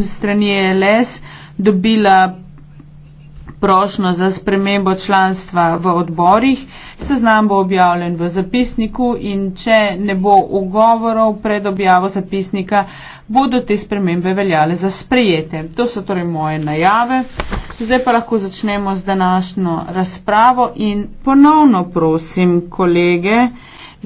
strani LS dobila prošno za spremembo članstva v odborih. Seznam bo objavljen v zapisniku in če ne bo ugovorov pred objavo zapisnika, bodo te spremembe veljale za sprejete. To so torej moje najave. Zdaj pa lahko začnemo z današnjo razpravo in ponovno prosim kolege,